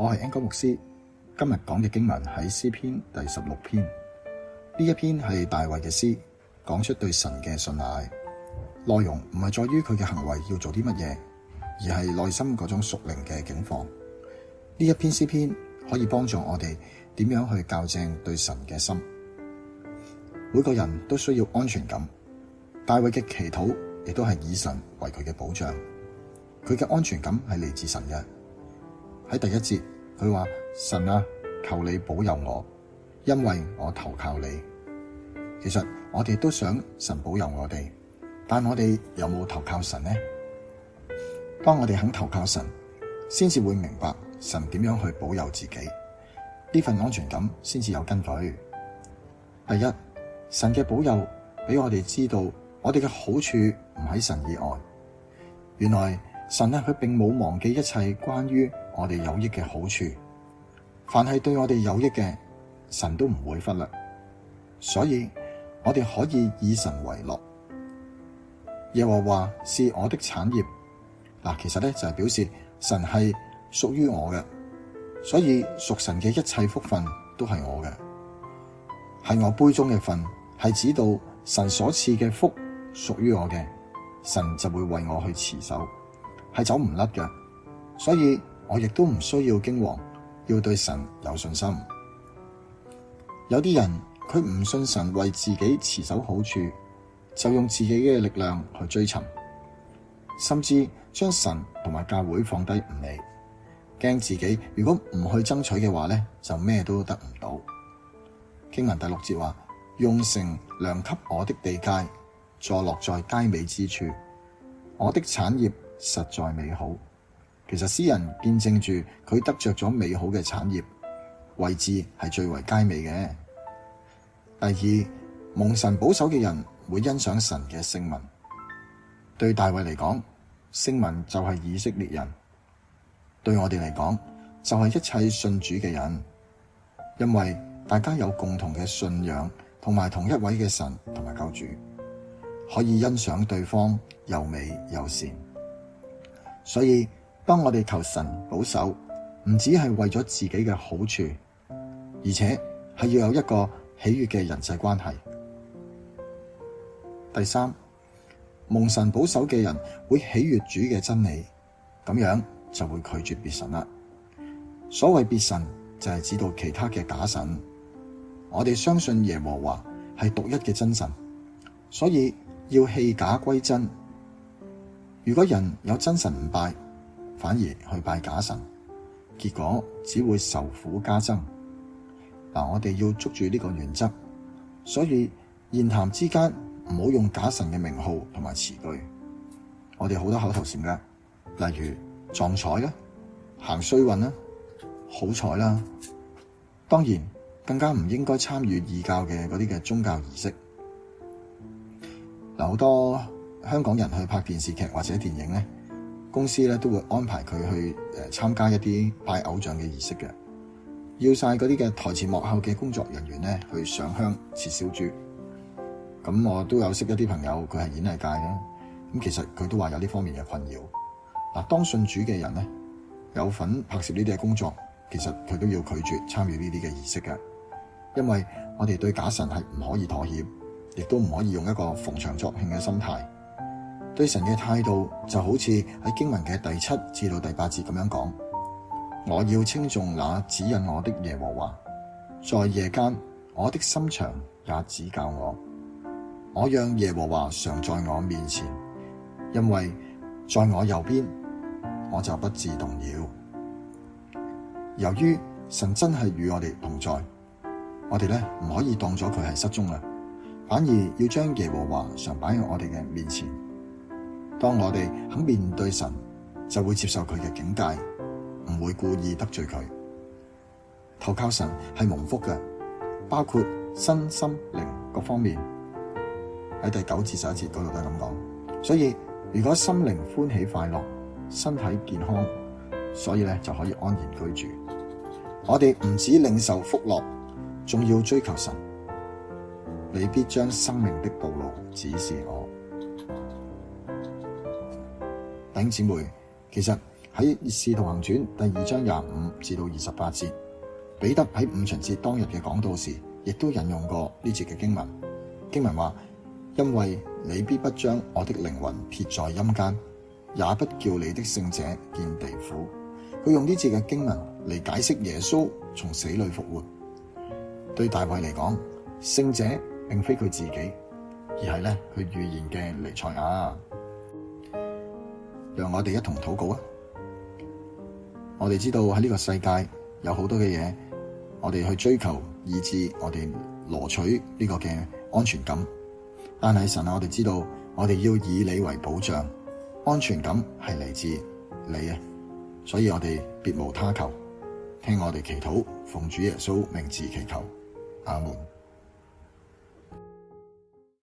我係 Angus 牧師，今日講嘅經文喺詩篇第十六篇，呢一篇係大衛嘅詩，講出對神嘅信賴。內容唔係在於佢嘅行為要做啲乜嘢，而係內心嗰種屬靈嘅境況。呢一篇詩篇可以幫助我哋點樣去校正對神嘅心。每個人都需要安全感，大衛嘅祈禱亦都係以神為佢嘅保障，佢嘅安全感係嚟自神嘅。喺第一節，佢話神啊，求你保佑我，因為我投靠你。其實我哋都想神保佑我哋，但我哋有冇投靠神呢？當我哋肯投靠神，先至會明白神點樣去保佑自己。呢份安全感先至有根據。第一，神嘅保佑俾我哋知道，我哋嘅好處唔喺神以外。原來神呢、啊，佢並冇忘記一切關於。我哋有益嘅好處，凡係對我哋有益嘅，神都唔會忽略，所以我哋可以以神為樂。耶和華是我的產業，嗱，其實咧就係表示神係屬於我嘅，所以屬神嘅一切福分都係我嘅，係我杯中嘅份，係指到神所賜嘅福屬於我嘅，神就會為我去持守，係走唔甩嘅，所以。我亦都唔需要驚惶，要對神有信心。有啲人佢唔信神為自己持守好處，就用自己嘅力量去追尋，甚至將神同埋教會放低唔理，驚自己如果唔去爭取嘅話咧，就咩都得唔到。經文第六節話：用繩量給我的地界，坐落在佳美之處，我的產業實在美好。其實，詩人見證住佢得着咗美好嘅產業位置，係最為佳美嘅。第二，蒙神保守嘅人會欣賞神嘅聖民。對大衛嚟講，聖民就係以色列人；對我哋嚟講，就係、是、一切信主嘅人，因為大家有共同嘅信仰，同埋同一位嘅神同埋救主，可以欣賞對方又美又善，所以。幫我哋求神保守，唔止係為咗自己嘅好處，而且係要有一個喜悅嘅人際關係。第三，蒙神保守嘅人會喜悅主嘅真理，咁樣就會拒絕別神啦。所謂別神就係指到其他嘅假神。我哋相信耶和華係獨一嘅真神，所以要棄假歸真。如果人有真神唔拜。反而去拜假神，結果只會受苦加增。嗱，我哋要捉住呢個原則，所以言談之間唔好用假神嘅名號同埋詞句。我哋好多口頭禪嘅，例如撞彩啦、行衰運啦、好彩啦。當然，更加唔應該參與異教嘅嗰啲嘅宗教儀式。嗱，好多香港人去拍電視劇或者電影呢。公司咧，都會安排佢去誒、呃、參加一啲拜偶像嘅儀式嘅，要晒嗰啲嘅台前幕後嘅工作人員咧去上香、切燒豬。咁、嗯、我都有識一啲朋友，佢係演藝界嘅，咁、嗯、其實佢都話有呢方面嘅困擾。嗱、啊，當信主嘅人咧有份拍攝呢啲嘅工作，其實佢都要拒絕參與呢啲嘅儀式嘅，因為我哋對假神係唔可以妥協，亦都唔可以用一個逢場作興嘅心態。對神嘅態度就好似喺經文嘅第七至到第八節咁樣講，我要稱頌那指引我的耶和華，在夜間我的心腸也指教我，我讓耶和華常在我面前，因為在我右邊我就不致動搖。由於神真係與我哋同在，我哋呢唔可以當咗佢係失蹤啦，反而要將耶和華常擺喺我哋嘅面前。當我哋肯面對神，就會接受佢嘅境界，唔會故意得罪佢。投靠神係蒙福嘅，包括身心靈各方面。喺第九至十一節嗰度都係咁講。所以如果心靈歡喜快樂，身體健康，所以呢就可以安然居住。我哋唔止領受福樂，仲要追求神。你必將生命的道路指示我。弟兄姊妹，其實喺《使徒行傳》第二章廿五至到二十八節，彼得喺五旬節當日嘅講道時，亦都引用過呢節嘅經文。經文話：因為你必不將我的靈魂撇在陰間，也不叫你的聖者見地府。佢用呢節嘅經文嚟解釋耶穌從死裏復活。對大衛嚟講，聖者並非佢自己，而係咧佢預言嘅彌賽亞。讓我哋一同禱告啊！我哋知道喺呢個世界有好多嘅嘢，我哋去追求，以致我哋攞取呢個嘅安全感。但係神啊，我哋知道，我哋要以你為保障，安全感係嚟自你啊！所以我哋別無他求，聽我哋祈禱，奉主耶穌名字祈求，阿門。